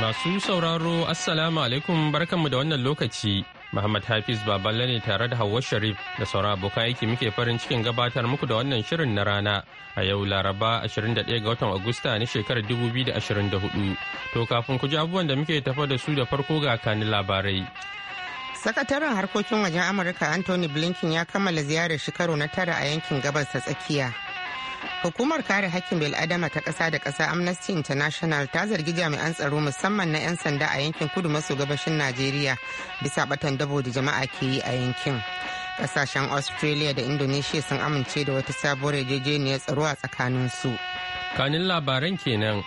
Masu sauraro Assalamu alaikum barkanmu da wannan lokaci. Muhammad Hafiz Baballe ne tare da Hauwa Sharif da saura abokan aiki muke farin cikin gabatar muku da wannan shirin na rana a yau Laraba 21 ga watan Agusta na shekarar 2024. To kafin ku ji abubuwan da muke tafa da su da farko ga kanin labarai. Sakataren harkokin wajen Amurka Anthony Blinken ya kammala ziyarar shi karo na tara a yankin gabas ta tsakiya. Hukumar kare hakkin bil'adama ta ƙasa da ƙasa Amnesty International ta zargi jami'an tsaro musamman na 'yan sanda a yankin kudu maso gabashin Najeriya bisa batan dabo da jama'a ke yi a yankin. Ƙasashen Australia da Indonesia sun amince da wata sabuwar yarjejeniyar tsaro a tsakanin su. Kanin labaran kenan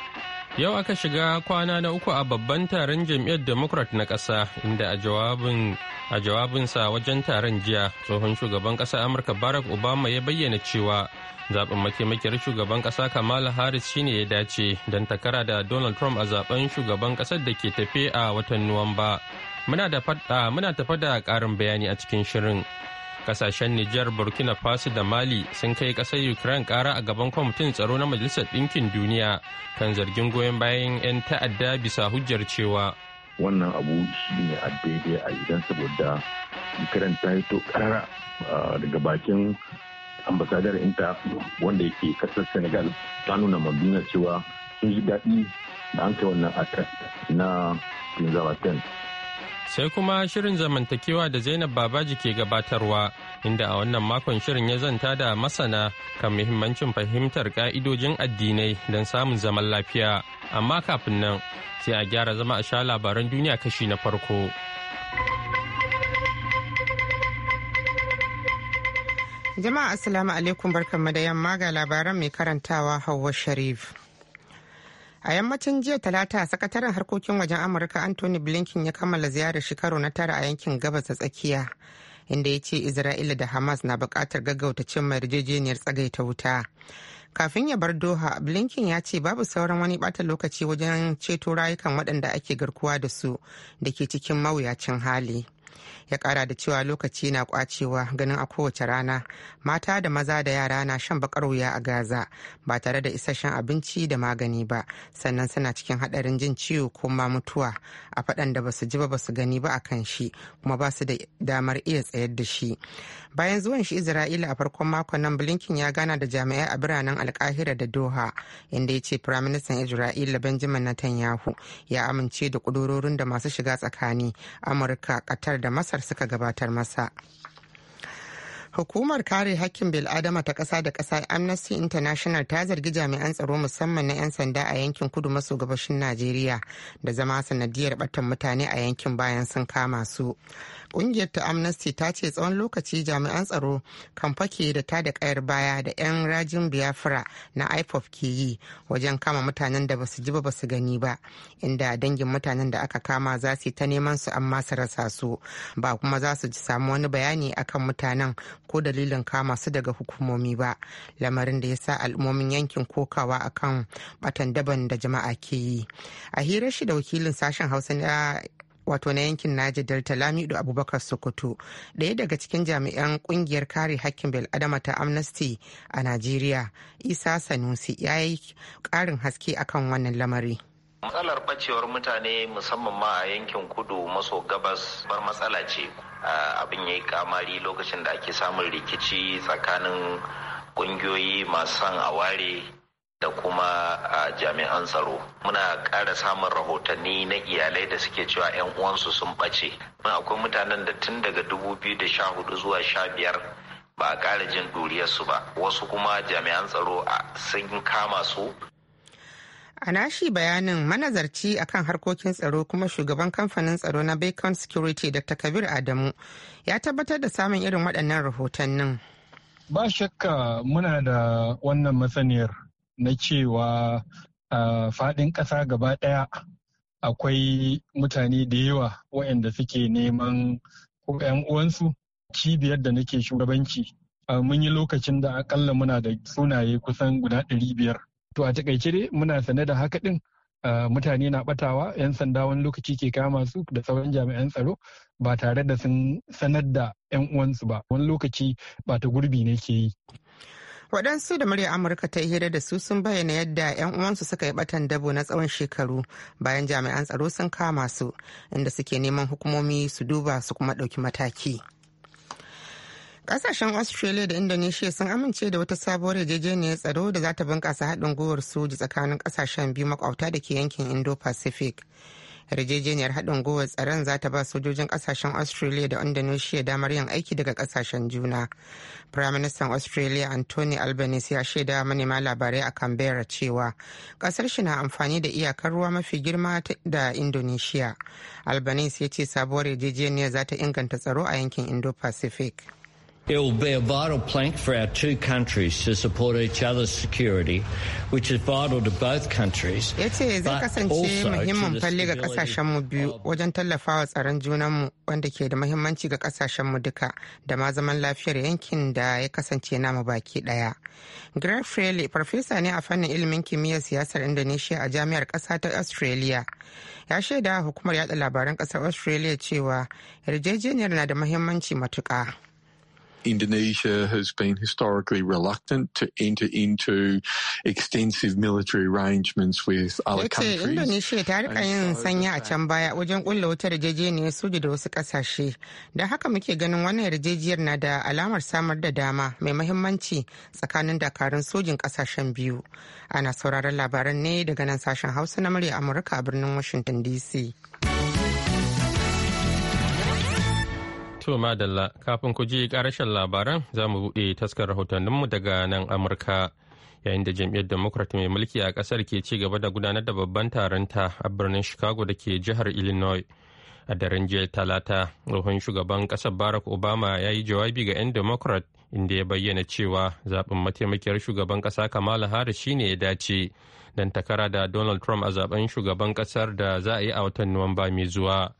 Yau aka shiga kwana na uku a babban taron jam'iyyar Democrat na ƙasa inda a jawabin jawabinsa wajen taron jiya tsohon shugaban ƙasa Amurka Barack Obama ya bayyana cewa zaben mataimakiyar shugaban ƙasa Kamala Harris shine ya dace don takara da Donald Trump a zaben shugaban ƙasar da ke tafe a watan Nuwamba. Muna tafa da ƙarin bayani a cikin shirin. kasashen Nijar, Burkina Faso da Mali sun kai ƙasar Ukraine ƙara a gaban kwamitin tsaro na Majalisar Ɗinkin Duniya kan zargin goyon bayan 'yan ta'adda bisa hujjar cewa. Wannan abu shi ne a daidai a idan saboda Ukraine ta yi to ƙara daga bakin ambasadar inta wanda yake ƙasar Senegal ta nuna mabina cewa sun ji daɗi da an kai wannan attack na 10. sai kuma shirin zamantakewa da Zainab Babaji ke gabatarwa inda a wannan makon shirin ya zanta da masana kan muhimmancin fahimtar ka'idojin addinai don samun zaman lafiya amma kafin nan sai a gyara zama a sha labaran duniya kashi na farko. Jama'a Assalamu alaikum barkanmu da yamma ga labaran mai karantawa Hauwa Sharif. A yammacin jiya talata sakataren harkokin wajen Amurka Anthony Blinken ya kammala ziyarar shekaru na tara a yankin gabas da tsakiya. Inda ya ce Isra'ila da Hamas na bukatar gaggauta cimma yarjejeniyar tsagaita wuta. Kafin ya bar Doha, Blinken ya ce babu sauran wani bata lokaci wajen ceto rayukan waɗanda ake garkuwa da su da ke cikin mawuyacin hali. ya kara da cewa lokaci na kwacewa ganin a kowace rana mata da maza da yara na shan bakar wuya a gaza ba tare da isasshen abinci da magani ba sannan suna cikin hadarin jin ciwo ko ma mutuwa a fadan da basu ji ba basu gani ba a kan shi kuma ba su da damar iya tsayar da shi bayan zuwan shi isra'ila a farkon makon nan blinken ya gana da jami'ai a biranen alkahira da doha inda ya ce firaministan isra'ila benjamin netanyahu ya amince da kudurorin da masu shiga tsakani amurka qatar da masar suka gabatar masa Hukumar kare hakkin bil'adama ta ƙasa da ƙasa Amnesty International ta zargi jami'an tsaro musamman na 'yan sanda a yankin kudu maso gabashin Najeriya da zama sanadiyar batan mutane a yankin bayan sun kama su. Ƙungiyar ta Amnesty ta ce tsawon lokaci jami'an tsaro kan fake da ta da ƙayar baya da 'yan rajin Biafra na ipof ke yi wajen kama mutanen da basu ji ba basu gani ba inda dangin mutanen da aka kama za su yi ta neman su amma su rasa su ba kuma za su samu wani bayani akan mutanen ko dalilin kama su daga hukumomi ba lamarin da ya sa al'ummomin yankin kokawa akan batan daban da jama'a ke yi a hirar shi da wakilin sashen hausa na wato na yankin naji delta lamido abubakar sokoto ɗaya daga cikin jami'an ƙungiyar kare hakkin bil'adama ta amnesty a najeriya isa sanusi ya yi ƙarin haske akan wannan lamari matsalar bacewar mutane musamman ma a yankin kudu maso gabas bar matsala ce abin ya yi kamari lokacin da ake samun rikici tsakanin ƙungiyoyi, masu son a ware da kuma jami'an tsaro muna ƙara samun rahotanni na iyalai da suke cewa 'yan uwansu sun ɓace akwai mutanen da tun daga dubu biyu da sha hudu zuwa sha biyar ba a ƙara jin duriyarsu ba wasu kuma jami'an tsaro sun kama su A nashi bayanin manazarci akan harkokin tsaro kuma shugaban kamfanin tsaro na Bacon Security Dr. Kabir Adamu ya tabbatar da samun irin waɗannan rahotannin. Ba shakka muna da wannan masaniyar na cewa a faɗin ƙasa gaba ɗaya akwai mutane da yawa waɗanda suke neman ko uwansu cibiyar da nake shugabanci. Mun yi lokacin da akalla muna da sunaye kusan guda ɗari biyar. To a takaice dai muna sane da haka din mutane na batawa 'yan sanda wani lokaci ke kama su da sauran jami'an tsaro ba tare da sun sanar da 'yan uwansu ba wani lokaci ba ta gurbi ne ke yi. waɗansu da murya amurka ta yi hira da su sun bayyana yadda 'yan uwansu suka yi batan dabo na tsawon shekaru bayan jami'an tsaro sun kama su inda suke neman hukumomi su duba su kuma ɗauki mataki. Kasashen Australia da Indonesia sun amince da wata sabuwar yarjejeniyar tsaro da za ta bunkasa haɗin gwiwar soji tsakanin kasashen biyu makwabta da ke yankin Indo-Pacific. Yarjejeniyar haɗin gwiwar tsaron za ta ba sojojin kasashen Australia da Indonesia damar yin aiki daga kasashen juna. Firaministan Australia Anthony Albanese ya shaida manema labarai a Canberra cewa ƙasar shi na amfani da iyakar ruwa mafi girma da Indonesia. Albanese ya ce sabuwar yarjejeniyar za ta inganta tsaro a yankin Indo-Pacific. It will be a vital plank for our two countries to support each other's security, which is vital to both countries. Ya ce zai kasance muhimmin falle ga kasashenmu biyu wajen tallafawa tsaron junanmu wanda ke da muhimmanci ga kasashenmu duka da ma zaman lafiyar yankin da ya kasance namu baki daya. Greg Fraley, farfesa ne a fannin ilimin kimiyyar siyasar Indonesia a jami'ar ƙasa ta Australia. Ya shaida hukumar yada labaran ƙasar Australia cewa yarjejeniyar na da muhimmanci matuƙa. Indonesia has been historically reluctant to enter into extensive military arrangements with other countries. Indonesia ta rika yin sanya a can baya wajen kulla wata yarjejeniyar soja da wasu kasashe. Da haka muke ganin wannan yarjejeniyar na da alamar samar da dama mai tsakanin dakarun sojin kasashen biyu. Ana sauraron labaran ne daga nan sashen Hausa na murya Amurka a birnin Washington DC. To madalla kafin ku ji karashen labaran za mu buɗe taskar rahotanninmu daga nan Amurka. Yayin da jam'iyyar Democrat mai mulki a kasar ke ci gaba da gudanar da babban taronta a birnin Chicago da ke jihar Illinois. A daren jiya talata, tsohon shugaban kasar Barack Obama ya yi jawabi ga 'yan Democrat inda ya bayyana cewa zaɓin mataimakiyar shugaban ƙasa Kamala Harris shine ya dace don takara da Donald Trump a zaɓen shugaban ƙasar da za a yi a watan Nuwamba mai zuwa.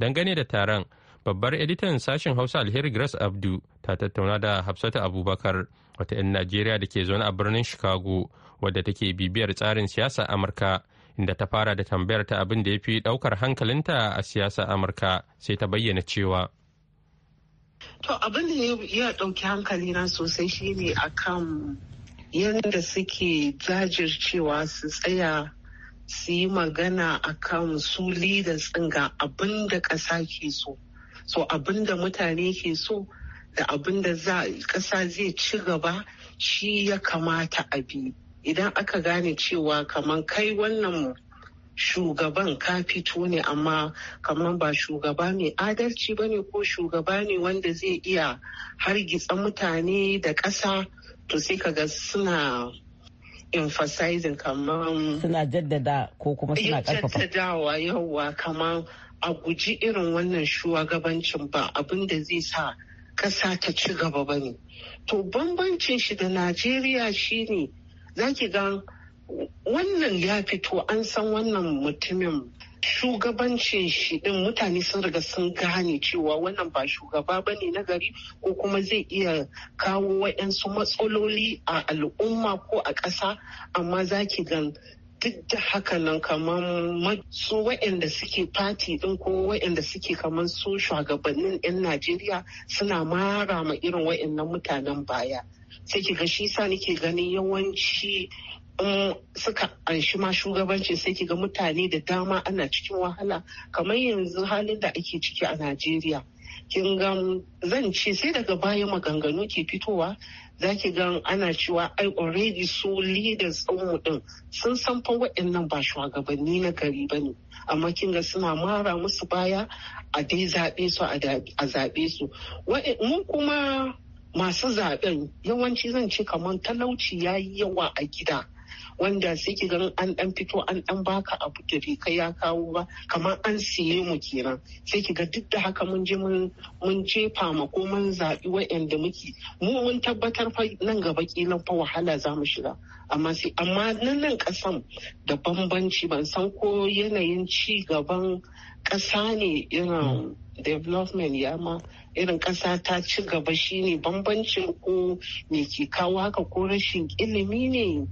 Dangane da taron, babbar editan sashen hausa alheri grace abdu ta tattauna da hafsatu abubakar wata 'yan najeriya da ke zaune a birnin chicago wadda take bibiyar tsarin siyasa amurka inda ta fara da tambayar ta abin da ya fi daukar hankalinta a siyasa amurka sai ta bayyana cewa to abin da ya dauki hankali na sosai shine akan yadda suke jajircewa su tsaya su yi magana akan su leaders ɗin ga abin da ƙasa ke so so abin mutane ke so da abin da ƙasa zai ci gaba shi ya kamata a bi idan aka gane cewa kamar kai wannan shugaban ka fito ne amma kamar ba shugaba mai adalci ba ne ko shugaba ne wanda zai iya hargitsa mutane da ƙasa to sai kaga suna emphasizing kamar suna jaddada ko kuma suna karfafa jaddadawa yawwa kamar a guji irin wannan shugabancin ba abin da zai sa ƙasa ta ci gaba ba ne. To bambancin shi da Najeriya ne za ki ga wannan ya fito an san wannan mutumin shugabancin shi din mutane sun riga sun gane cewa wannan ba shugaba ba ne na gari ko kuma zai iya kawo waɗansu matsaloli a al'umma ko a ƙasa amma za ki gan duk da haka nan kamar su waɗanda suke fati ɗin ko waɗanda suke kamar su shugabannin 'yan Najeriya suna mara ma irin waɗannan mutanen baya. Sai ki ga shi sa nake ganin yawanci suka anshi ma shugabanci sai ki ga mutane da dama ana cikin wahala kamar yanzu halin da ake ciki a Najeriya. kin ga zan ce sai daga bayan maganganu ke fitowa za ki ga ana cewa ai already so leaders mu din sun san fa waɗannan ba shugabanni na gari ba ne amma kin ga suna mara musu baya a dai zaɓe su a zaɓe su mun kuma masu zaɓen yawanci zan ce kamar talauci ya yi yawa a gida. wanda sai ki gan an dan fito an dan baka abu da bai kai ya kawo ba kamar an siye mu kenan sai ki ga duk da haka mun je mun jefa ma ko mun zaɓi wa'anda muke mu mun tabbatar fa nan gaba kila fa wahala za mu shiga amma sai amma nan nan kasan da bambanci ban san ko yanayin ci gaban ƙasa ne irin development ya ma irin ƙasa ta ci gaba shine bambancin ko me ke kawo haka ko rashin ilimi ne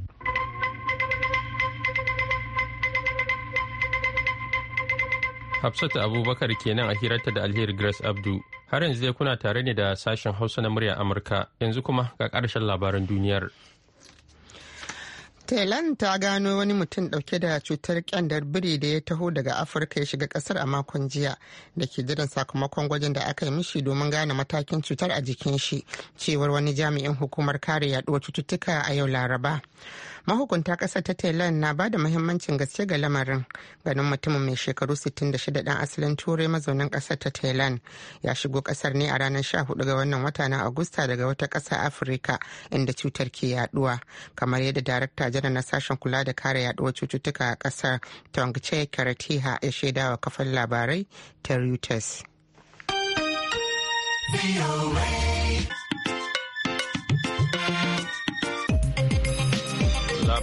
Hafsatu Abubakar kenan a hirarta da Alheri Grace Abdu. Har yanzu dai kuna tare ne da sashen Hausa na murya Amurka. Yanzu kuma ga karshen labaran duniyar. Thailand ta gano wani mutum dauke da cutar kyandar biri da ya taho daga Afirka ya shiga kasar a makon jiya da ke jiran sakamakon gwajin da aka yi mishi domin gane matakin cutar a jikin shi, cewar wani jami'in hukumar kare yaduwar cututtuka a yau Laraba. mahukunta ƙasar ta thailand na ba da muhimmancin gaske ga lamarin ganin mutumin mai shekaru 66 ɗan asalin turai mazaunin ƙasar ta thailand ya shigo ƙasar ne a ranar 14 ga wannan wata na agusta daga wata ƙasa afirka inda cutar ke yaduwa kamar yadda darakta janar na sashen kula da kare yaduwar cututtuka a ƙasar tongche karatiha ya shaidawa kafan labarai ta reuters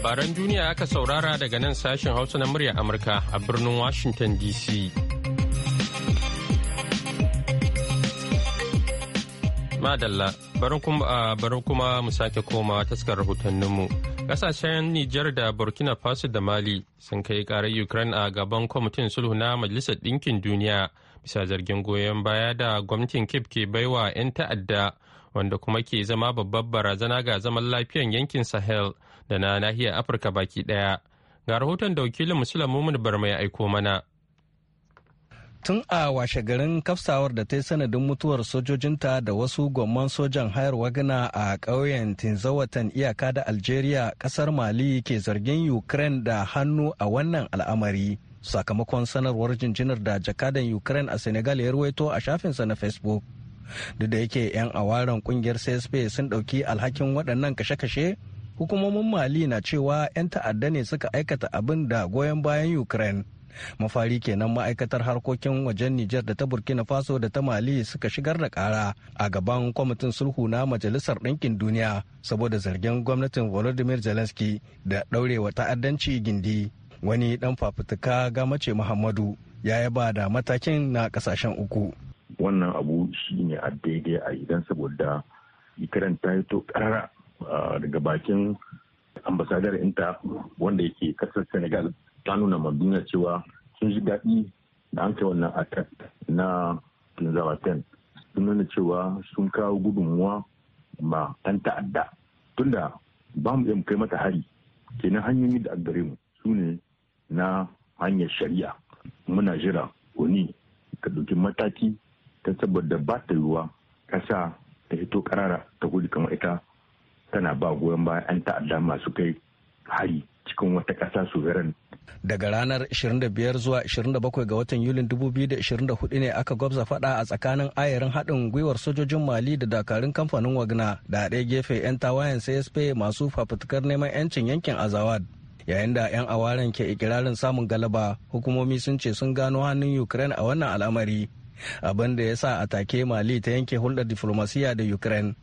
labaran duniya aka saurara daga nan sashen hausa na murya amurka a birnin washington dc madalla bari kuma mu sake komawa taskar rahotanninmu kasashen nijar da burkina faso da mali sun kai karar ukraine a gaban kwamitin sulhu na majalisar ɗinkin duniya bisa zargin goyon baya da gwamnatin kip ke baiwa 'yan ta'adda wanda kuma ke zama babbar barazana ga zaman lafiyan yankin sahel da na nahiyar Afirka baki ɗaya. Ga rahoton da wakilin Musulun Mumin Barma ya aiko mana. Tun a washe garin kafsawar da ta yi sanadin mutuwar sojojinta da wasu gwamman sojan hayar wagana a ƙauyen Tinzawatan iyaka da Algeria ƙasar Mali ke zargin Ukraine da hannu a wannan al'amari. Sakamakon sanarwar jinjinar da jakadan Ukraine a Senegal ya ruwaito a shafinsa na Facebook. Duk da yake 'yan awaren kungiyar CSP sun ɗauki alhakin waɗannan kashe-kashe hukumomin mali na cewa 'yan ta'adda ne suka aikata abin da goyon bayan ukraine mafari kenan ma'aikatar harkokin wajen nijar da ta burkina faso da ta mali suka shigar da kara a gaban kwamitin sulhu na majalisar ɗinkin duniya saboda zargin gwamnatin volodymyr zelensky da ɗaurewa ta'addanci gindi wani ɗan fafutuka ga mace muhammadu ya yaba da matakin na kasashen uku wannan abu shi ne a daidai a idan saboda ikiran ta yi to karara daga bakin ambasadar inta wanda yake kasar senegal ta nuna maduna cewa sun ji daɗi da an kai wannan attack na zawa 10 sun nuna cewa sun kawo gudunmuwa ma an ta'adda tunda ba mu iya kai mata hari kenan hanyoyi da gare mu su ne na hanyar shari'a muna jira wani ka ɗauki mataki ta saboda ba ta yiwuwa ƙasa ta hito karara ta gudu kamar ita tana ba goyon bayan 'yan ta'adda masu kai hari cikin wata ƙasa suveren. Daga ranar 25 zuwa 27 ga watan Yulin 2024 ne aka gwabza fada a tsakanin ayarin haɗin gwiwar sojojin Mali da dakarun kamfanin Wagna da ɗaya gefe 'yan tawayen CSP masu fafutukar neman 'yancin yankin Azawad. Yayin da 'yan awaren ke ikirarin samun galaba, hukumomi sun ce sun gano hannun Ukraine a wannan al'amari. Abin da ya sa a take Mali ta yanke hulɗar diflomasiya da Ukraine.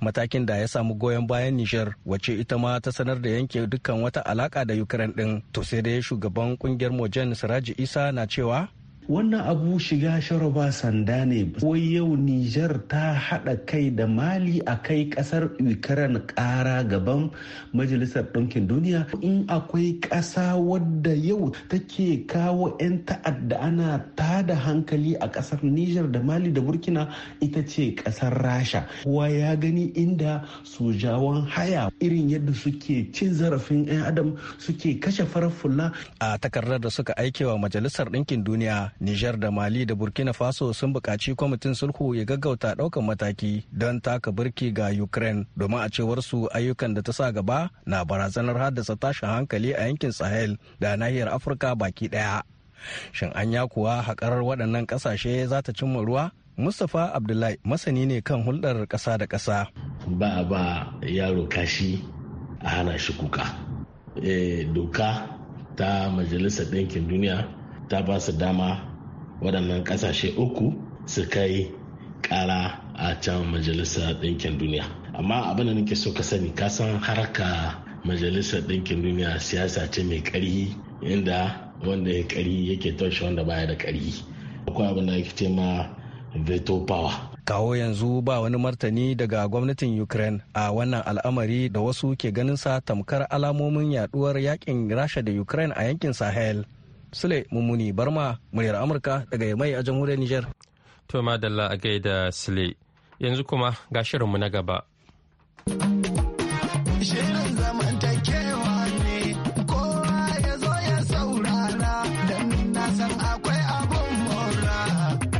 matakin da ya samu goyon bayan Nijar wacce ita ma ta sanar da yanke dukkan wata alaka da Ukraine din to sai dai shugaban kungiyar Mojen Siraji Isa na cewa wannan abu shiga sharaba sanda ne wai yau nijar ta hada kai da mali a kai kasar ukraine kara gaban majalisar ɗinkin duniya in akwai ƙasa wadda yau take kawo 'yan ta'adda ana tada hankali a ƙasar nijar da mali da burkina ita ce ƙasar rasha kowa ya gani inda sojawan haya irin yadda suke cin zarafin 'yan adam suke kashe farar a takardar da suka aike wa majalisar ɗinkin duniya Nijar da Mali da Burkina Faso sun buƙaci kwamitin sulhu ya gaggauta ɗaukan mataki don taka birki ga Ukraine domin a cewar su ayyukan da ta sa gaba na barazanar haddasa tashin hankali a yankin Sahel da nahiyar Afirka baki ɗaya. Shin anya kuwa haƙar waɗannan ƙasashe za ta cimma ruwa? Mustapha Abdullahi masani ne kan hulɗar ƙasa da ƙasa. Ba a ba yaro kashi a hana shi kuka. Eh, doka ta Majalisar Ɗinkin Duniya ta ba su dama waɗannan ƙasashe uku su kai ƙara a can majalisar ɗinkin duniya amma abin da nake so ka sani ka san harka majalisar ɗinkin duniya siyasa ce mai ƙarhi inda wanda ya ƙarhi yake taushe wanda baya da ƙarhi akwai abin da ake ce ma veto power kawo yanzu ba wani martani daga gwamnatin ukraine a wannan al'amari da wasu ke ganin sa tamkar alamomin yaduwar yakin rasha da ukraine a yankin sahel Sule Mummuni Barma, muryar Amurka daga Yamai a jamhuriyar Nijar. To madalla a gaida Sule. Yanzu kuma ga shirinmu na gaba. zamantakewa ne, ya saurara, akwai abun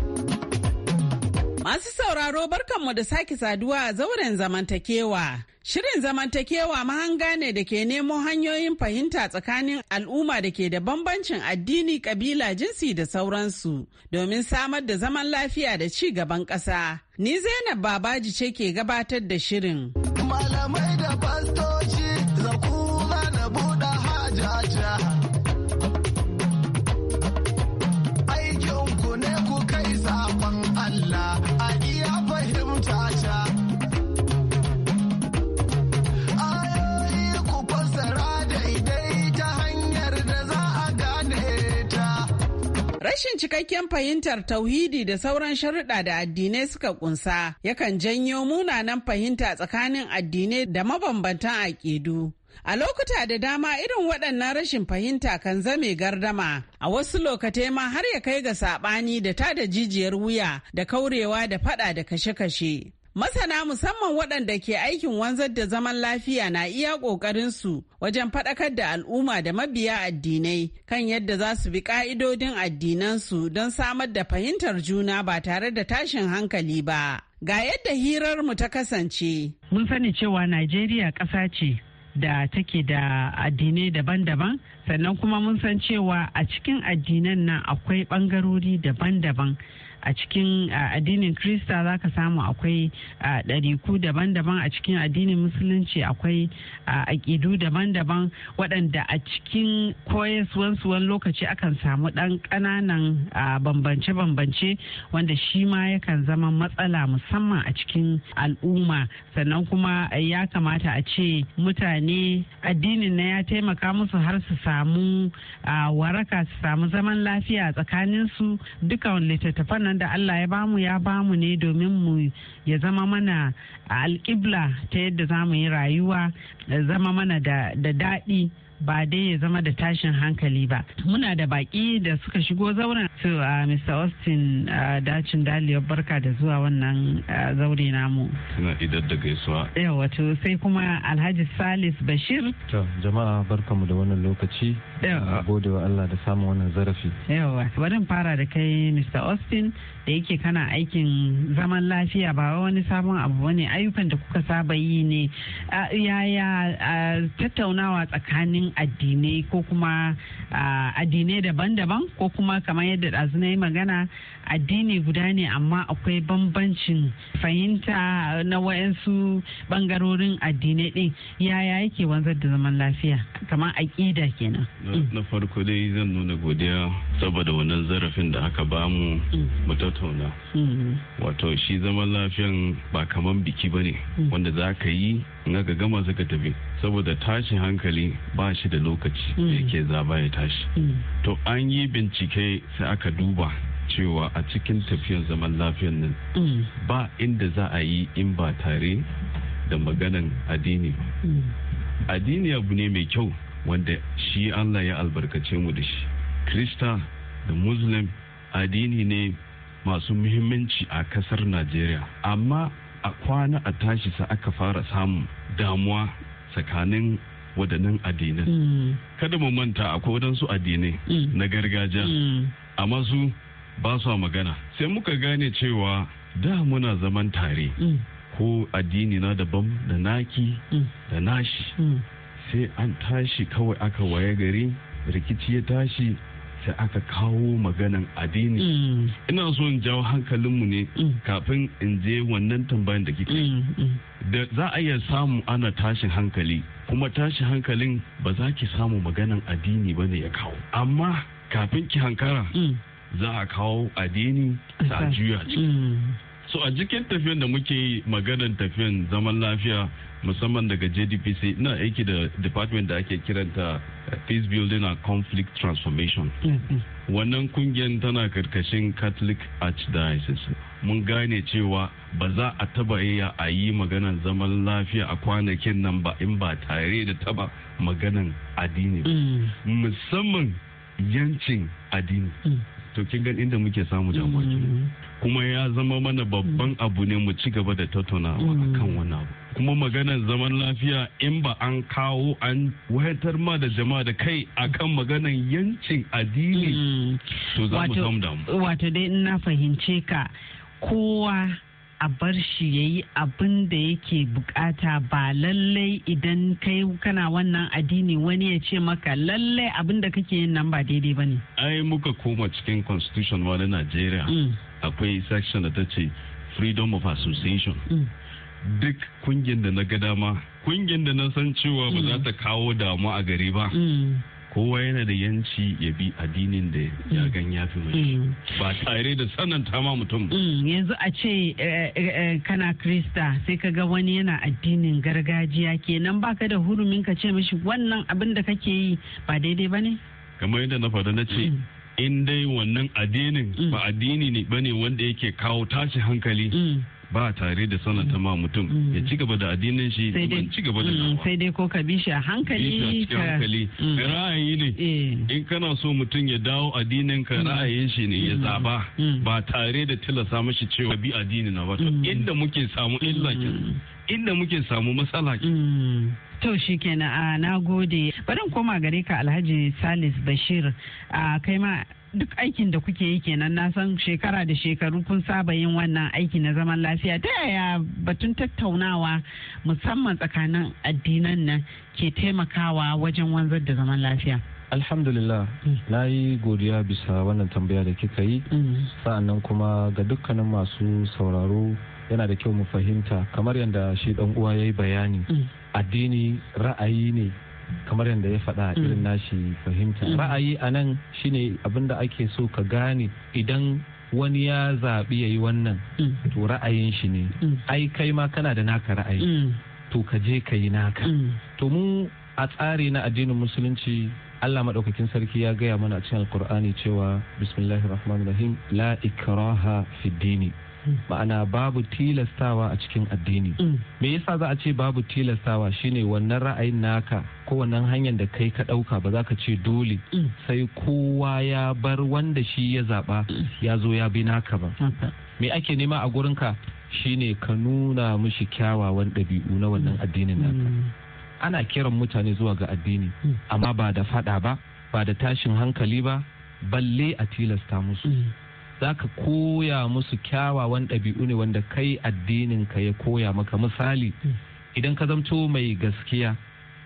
Masu sauraro barkanmu da sake saduwa a zauren zamantakewa. Shirin zamantakewa mahanga ne da ke nemo hanyoyin fahimta tsakanin al'umma da ke da bambancin addini, kabila, jinsi da sauransu domin samar da zaman lafiya da ci gaban ƙasa. Ni Zainab Babaji ce ke gabatar da shirin. Malamai da pastor cikakken fahimtar tauhidi da sauran sharuɗa da addinai suka kunsa yakan janyo munanan fahimta tsakanin addinai da mabambantan aƙidu. A lokuta da dama irin waɗannan rashin fahimta kan zame gardama, a wasu lokatai ma har ya kai ga saɓani da tada jijiyar wuya da kaurewa da faɗa da kashe-kashe. Masana musamman waɗanda ke aikin wanzar da zaman lafiya na iya ƙoƙarinsu wajen faɗakar da al'umma da mabiya addinai kan yadda za su bi ƙa'idodin addinansu don samar da fahimtar juna ba tare da tashin hankali ba. Ga yadda hirar mu ta kasance. Mun sani cewa Najeriya ƙasa ce da take da addinai daban-daban sannan kuma mun san cewa a cikin addinan nan akwai ɓangarori daban-daban. a cikin addinin krista za ka samu akwai ɗariku daban-daban a cikin addinin musulunci akwai aƙidu daban-daban waɗanda a cikin koyaswansu wani lokaci akan samu ɗan ƙananan bambance-bambance wanda shi ma yakan zama matsala musamman a cikin al'umma sannan kuma ya kamata a ce mutane addinin na ya taimaka musu har su samu waraka su samu zaman lafiya tsakaninsu dukan littattafan wannan da Allah ya bamu ya bamu ne domin mu ya zama mana alƙibla ta yadda za mu yi rayuwa zama mana da daɗi ba dai ya zama da tashin hankali ba muna da baki da suka shigo zauren to a mr austin uh, dacin daliyar barka da zuwa wannan uh, zaure namu suna idar da gaisuwa yawa to sai kuma alhaji salis bashir to jama'a mu da wannan lokaci gode wa allah da samun wannan zarafi yawa bari fara da kai mr austin da yake kana aikin zaman lafiya ba wani sabon abu bane ayyukan da kuka saba yi ne uh, yaya tattaunawa tsakanin addinai ko kuma addinai daban-daban ko kuma kamar yadda ɗazu na yi magana addini guda ne amma akwai bambancin fahimta na wayansu bangarorin addinai ɗin yaya yake wanzar da zaman lafiya kamar aƙida kenan. na farko dai zan nuna godiya saboda wannan zarafin da aka bamu mm. mu tattauna mm-hmm. wato shi zaman lafiyan ba kamar biki ba ne mm. wanda za ka yi na ga gama suka tafi saboda tashin hankali ba shi da lokaci da mm. yake zaba ya tashi mm. to an yi bincike sai aka duba cewa a cikin tafiyar zaman lafiyar nan mm. ba inda za a yi in ba tare da maganan addini ba addini abu ne mai kyau wanda shi allah ya albarkace mu da shi krista da muslim addini ne masu muhimmanci a kasar najeriya amma a kwana a tashi sa aka fara samun damuwa tsakanin wadannan addinai mm. kada mu manta akwai wadansu addinai mm. na gargajiya mm. amma su ba su magana sai muka gane cewa da muna zaman tare ko addini na daban da naki da nashi sai an tashi kawai aka waye gari rikici ya tashi sai aka kawo maganan addini mm. ina so in jawo hankalinmu ne mm. kafin in je wannan tambayan da kike mm, da za a iya samu ana tashin hankali kuma tashin hankalin ba za ki samu maganan addini ba ne ya kawo amma kafin ki hankara za a kawo addini a juya ciki so a cikin tafiyan da muke yi maganar tafiyan zaman lafiya musamman daga jdpc na aiki da department da ake kiranta eh, peace building and conflict transformation mm, mm. wannan kungiyar tana karkashin catholic archdiocese mun gane cewa ba za a taba iya a yi maganar zaman lafiya a kwanakin nan ba in ba tare da taba maganan addini mm. musamman yancin addini to kin ga inda muke samu damuwa mm-hmm. kuma ya zama mana babban mm-hmm. abu ne mu ci gaba da tattaunawa mm-hmm. akan wani abu kuma maganar zaman lafiya in ba an kawo an wayatar ma da jama'a da kai akan maganar yancin addini to za mu samu damu wato dai ina na fahimce ka kowa a bar shi ya yi abin da yake bukata ba lallai idan kai kana wannan addini wani ya ce maka lallai abin da kake yin nan ba daidai ba ne. ai muka koma cikin constitution wani nigeria mm. akwai section da ta ce freedom of association mm. duk kungiyar da na ga dama kungiyar da na san cewa ba za mm. ta kawo damu a gari ba kowa yana da yanci ya bi addinin da ya mm. gan ya fi mai mm. ba tare da sananta ma mutum mm, yanzu a ce eh, eh, eh, kana krista sai ka ga wani yana addinin gargajiya kenan baka da hurumin ka ce mishi wannan abin da kake yi ba daidai ba ne kamar yadda na faru na ce in dai wannan addinin ba addini ne bane wanda yake kawo tashi hankali ba tare da sanata ma mutum mm. ya ci gaba da addinin shi ban ci gaba da nawa mm, sai dai ko ka bi shi a hankali ka hankali mm. ra'ayi ne eh. in kana so mutum ya dawo addinin ka ra'ayin shi ne ya zaba ba tare da tilasa mashi cewa bi addini na ba inda muke samu illa inda muke samu matsala To shi kenan a ah, na gode. Barin koma gare ka Alhaji Salis Bashir a ah, kai ma duk aikin da kuke yi kenan na san shekara da shekaru kun saba yin wannan aiki na zaman lafiya ta yaya batun tattaunawa musamman tsakanin addinan nan ke taimakawa wajen wanzar da zaman lafiya alhamdulillah mm. na yi godiya bisa wannan tambaya da kika yi mm. sa'annan kuma ga dukkanin masu sauraro yana da kyau mu fahimta kamar yadda shi uwa ya yi bayani mm. addini ra'ayi ne kamar yadda ya faɗa mm. irin nashi fahimta mm. ra'ayi a nan shine abinda ake so ka gane idan wani ya zaɓi ya yi wannan mm. to ra'ayin shi ne ai kai ma kana da naka ra'ayi to ka je ka yi naka to mu a tsari na addinin musulunci Allah maɗaukakin sarki ya gaya mana a cikin alkur'ani cewa bismillahir rahmanir rahim la ikraha fid dini ma'ana babu tilastawa a cikin addini mm. me yasa za a ce babu tilastawa shine wannan ra'ayin naka ko wannan hanyar da kai ka ɗauka ba za ka ce dole mm. sai kowa ya bar wanda shi ya zaɓa mm. ya zo ya bi naka ba me ake nema a gurinka shine ka nuna mishi kyawawan ɗabi'u na wannan addinin naka ana kiran mutane zuwa ga addini amma ba da faɗa ba ba da tashin hankali ba balle a tilasta musu za ka koya musu kyawawan ɗabi'u ne wanda kai addinin ka ya koya maka misali idan ka zamto mai gaskiya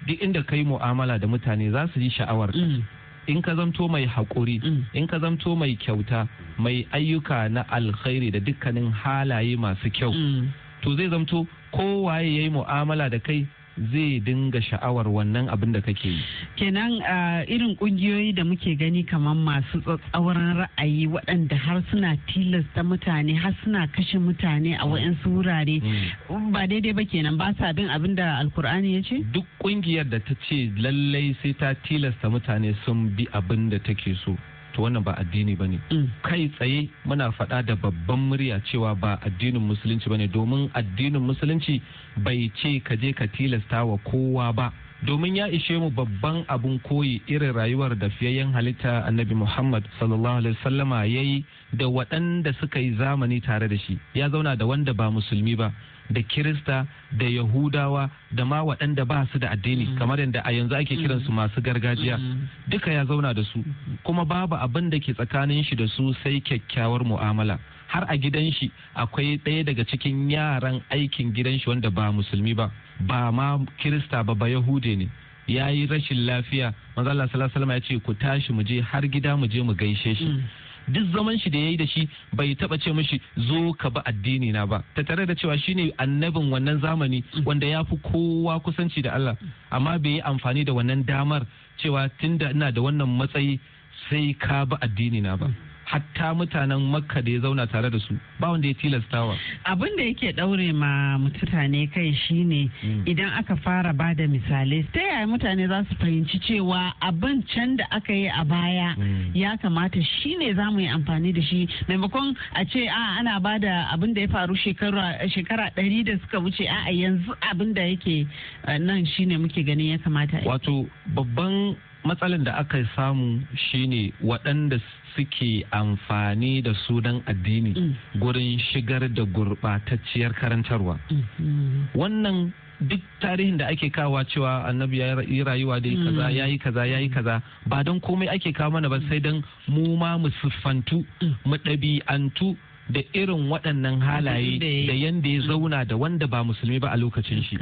duk inda kai mu'amala da mutane za su yi sha'awar mm. in ka zamto mai haƙuri mm. in ka zamto mai kyauta mai ayyuka na alkhairi da dukkanin halaye masu kyau mm. to zai zamto kowaye ya yi mu'amala da kai zai dinga sha'awar wannan abin da kake yi. Kenan irin kungiyoyi da muke gani kamar masu tsatsauran ra'ayi waɗanda har suna tilasta mutane har suna kashe mutane a waɗansu wurare mm. ba daidai ba kenan ba sa bin abin da alkur'ani ya ce? Duk kungiyar da ta ce lallai sai ta tilasta mutane sun bi abin da take so. to wannan ba addini bane mm. kai tsaye muna faɗa da babban murya cewa ba addinin musulunci bane domin addinin musulunci bai ce ka je ka tilasta wa kowa ba domin ya ishe mu babban abun koyi irin rayuwar da fiyayyen halitta annabi muhammad sallallahu alaihi wasallama ya yi da waɗanda suka yi zamani tare da shi ya zauna da wanda ba musulmi ba da kirista da yahudawa da ma waɗanda ba su da addini mm. kamar yadda a yanzu ake kiransu mm. masu gargajiya mm. duka ya zauna da su kuma babu abin da ke tsakanin shi da su sai kyakkyawar mu'amala har a gidan shi akwai ɗaya daga cikin yaran aikin gidan shi wanda ba musulmi ba ba ma kirista ba ba yahude ne ya yi rashin lafiya manzo Allah sallallahu alaihi wasallam ya ce ku tashi mu je har gida mu je mu gaishe shi duk zaman shi da ya yi da shi bai taba ce mashi zo ka ba addini na ba ta tare da cewa shine annabin wannan zamani wanda ya fi kowa kusanci da Allah amma bai yi amfani da wannan damar cewa tunda ina da wannan matsayi sai ka ba addini na ba hatta mutanen makka da ya zauna tare da su ba wanda ya tilastawa abin da yake daure ma mutane kai shine hmm. idan aka fara ba da misalai ta yaya mutane za su fahimci cewa abin can da aka yi a baya hmm. ya kamata shine za mu yi amfani da shi maimakon a ce a ana ba da abin da ya faru shekara ɗari da suka wuce a yanzu abin da yake eh, nan shine muke ganin ya kamata wato babban matsalan da aka samu shine waɗanda suke amfani da sunan addini mm. gurin shigar da gurɓatacciyar karantarwa mm, mm. wannan duk tarihin da ake kawa cewa annabi ya yi rayuwa da kaza ya yi kaza ya yi kaza ba don komai ake kawo mana ba sai don mu ma mu siffantu mu ɗabi'antu da irin waɗannan halaye da yanda ya zauna da wanda ba musulmi ba a lokacin shi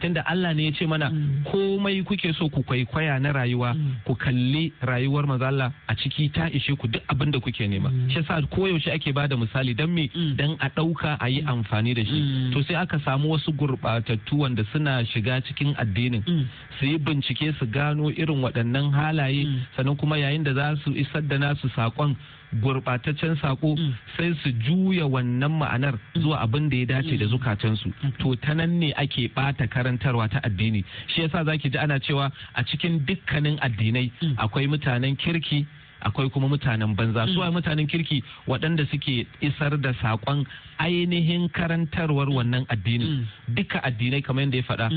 tunda Allah ne ya ce mana mm. komai kuke so ku kwaikwaya na rayuwa mm. ku kalli rayuwar mazalla a ciki ta ishe ku duk abin da kuke nema mm. shi yasa koyaushe ake ba da misali dan me dan a ɗauka a yi amfani da shi to sai aka samu wasu gurɓatattu wanda suna shiga cikin addinin su yi bincike su gano irin waɗannan halaye sannan kuma yayin da za su isar da nasu saƙon gurbataccen sako mm. sai su juya wannan ma'anar mm. zuwa abin da ya dace da mm. zukatansu to ta nan ne ake bata karantarwa ta addini shi yasa zaki ji ana cewa a cikin dukkanin addinai akwai mutanen kirki akwai kuma mutanen banza suwa mutanen kirki waɗanda suke isar da sakon ainihin karantarwar wannan addini duka addinai kamar yadda ya faɗa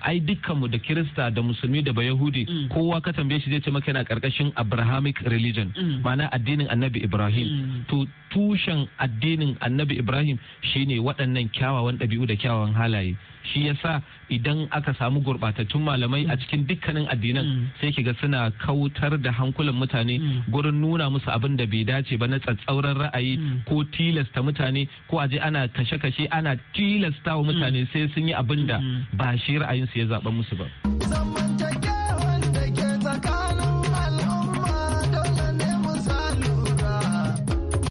ai dukkanmu da kirista da musulmi da bayahudi mm. kowa ka tambaye shi zai ce maka yana karkashin abrahamic religion mm. ma'ana addinin annabi ibrahim mm. to tushen addinin annabi ibrahim shine waɗannan kyawawan ɗabi'u da kyawawan halaye shi yasa idan aka samu gurɓatattun malamai a cikin dukkanin addinan mm. sai ki ga suna kautar da hankulan mutane mm. gurin nuna musu abin da bai dace ba na tsatsauran ra'ayi mm. ko tilasta mutane ko aje ana kashe-kashe ana tilasta wa mutane sai sun yi abin da ba shi ra'ayinsu ya zaɓa musu ba.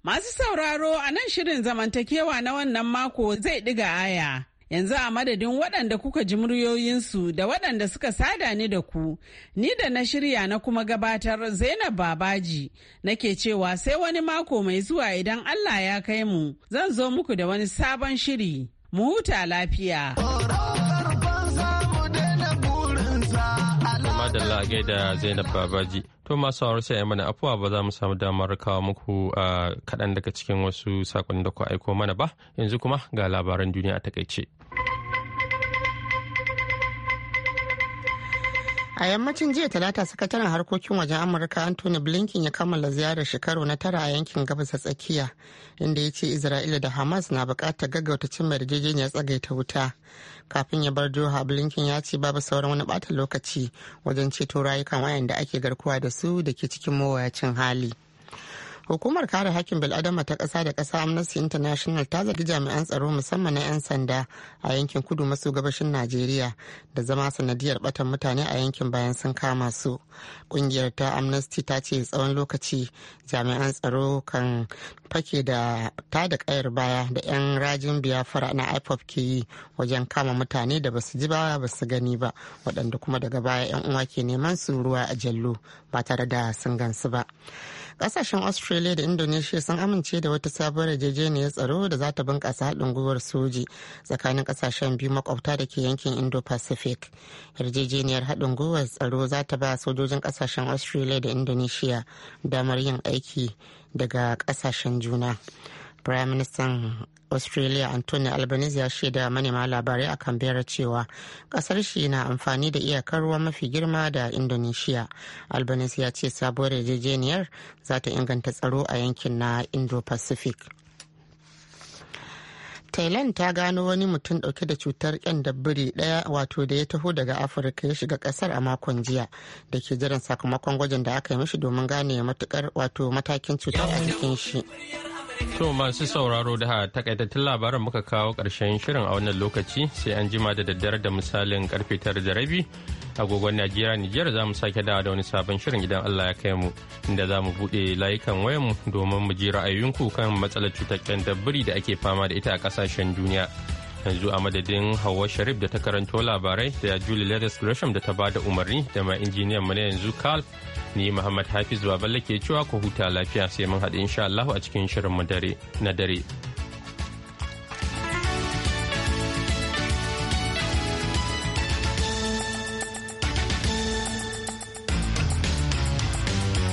Masu sauraro a nan shirin zamantakewa na wannan mako zai ɗiga aya. Yanzu a madadin waɗanda kuka ji muryoyinsu da waɗanda suka sada ni da ku, ni da na shirya na kuma gabatar Zainab Babaji nake cewa sai wani mako mai zuwa idan Allah ya kai mu zan zo muku da wani sabon shiri. Mu huta lafiya. madalla a gaida zainab babaji to masu sauran sai mana afuwa ba za mu samu damar kawo muku a kaɗan daga cikin wasu sakonni da ku aiko mana ba yanzu kuma ga labaran duniya a takaice. A yammacin jiya talata sakataren harkokin wajen Amurka Anthony Blinken ya kammala ziyarar shekaru na tara a yankin gabas ta tsakiya inda ya ce Isra'ila da Hamas na bukatar gaggauta cin yarjejeniyar tsagaita wuta. Kafin ya bar Doha Blinken ya ce babu sauran wani bata lokaci wajen ceto rayukan wayanda ake garkuwa da su da ke cikin mawayacin hali. hukumar kare hakkin bil'adama ta kasa da kasa amnesty international ta zargi jami'an tsaro musamman na 'yan sanda a yankin kudu maso gabashin najeriya da zama sanadiyar batan mutane a yankin bayan sun kama su kungiyar ta amnesty ta ce tsawon lokaci jami'an tsaro kan fake da ta da kayar baya da 'yan rajin biyafara na ipop ke yi wajen kama mutane da basu ji ba basu gani ba waɗanda kuma daga baya 'yan uwa ke neman su ruwa a jallo ba tare da sun gansu ba kasashen australia da indonesia sun amince da wata sabuwar yarjejeniyar tsaro da za ta bunkasa haɗin gwiwar soji tsakanin kasashen biyu makwabta da ke yankin indo-pacific yarjejeniyar haɗin gwiwar tsaro za ta ba sojojin kasashen australia da indonesia damar yin aiki daga kasashen juna prime minister australia anthony albanese ya shaida manema labarai a canberra cewa kasar shi na amfani da iyakar ruwa mafi girma da indonesia albanese ya ce sabuwar yarjejeniyar za ta inganta tsaro a yankin na indo-pacific thailand ta gano wani mutum dauke da cutar yan dabbiri daya wato da ya taho daga afirka ya shiga kasar a makon jiya da ke jiran sakamakon gwajin da aka yi mishi domin gane matukar wato matakin cutar a jikin shi To masu sauraro da ha takaitattun labaran muka kawo ƙarshen shirin a wannan lokaci sai an jima da daddare da misalin karfe tara da rabi agogon Najeriya Nijar za mu sake dawa da wani sabon shirin idan Allah ya kai mu inda za mu buɗe layukan wayanmu domin mu ji ra'ayoyinku kan matsalar cutar dabbiri da ake fama da ita a ƙasashen duniya. Yanzu a madadin Hauwa Sharif da ta karanto labarai da Julie Ladis Gresham da ta bada umarni da ma injiniyan mu na yanzu Carl Ni Muhammad Hafiz Baballe ke cewa ku huta lafiya sai mun haɗu insha Allah a cikin shirin mu dare na dare.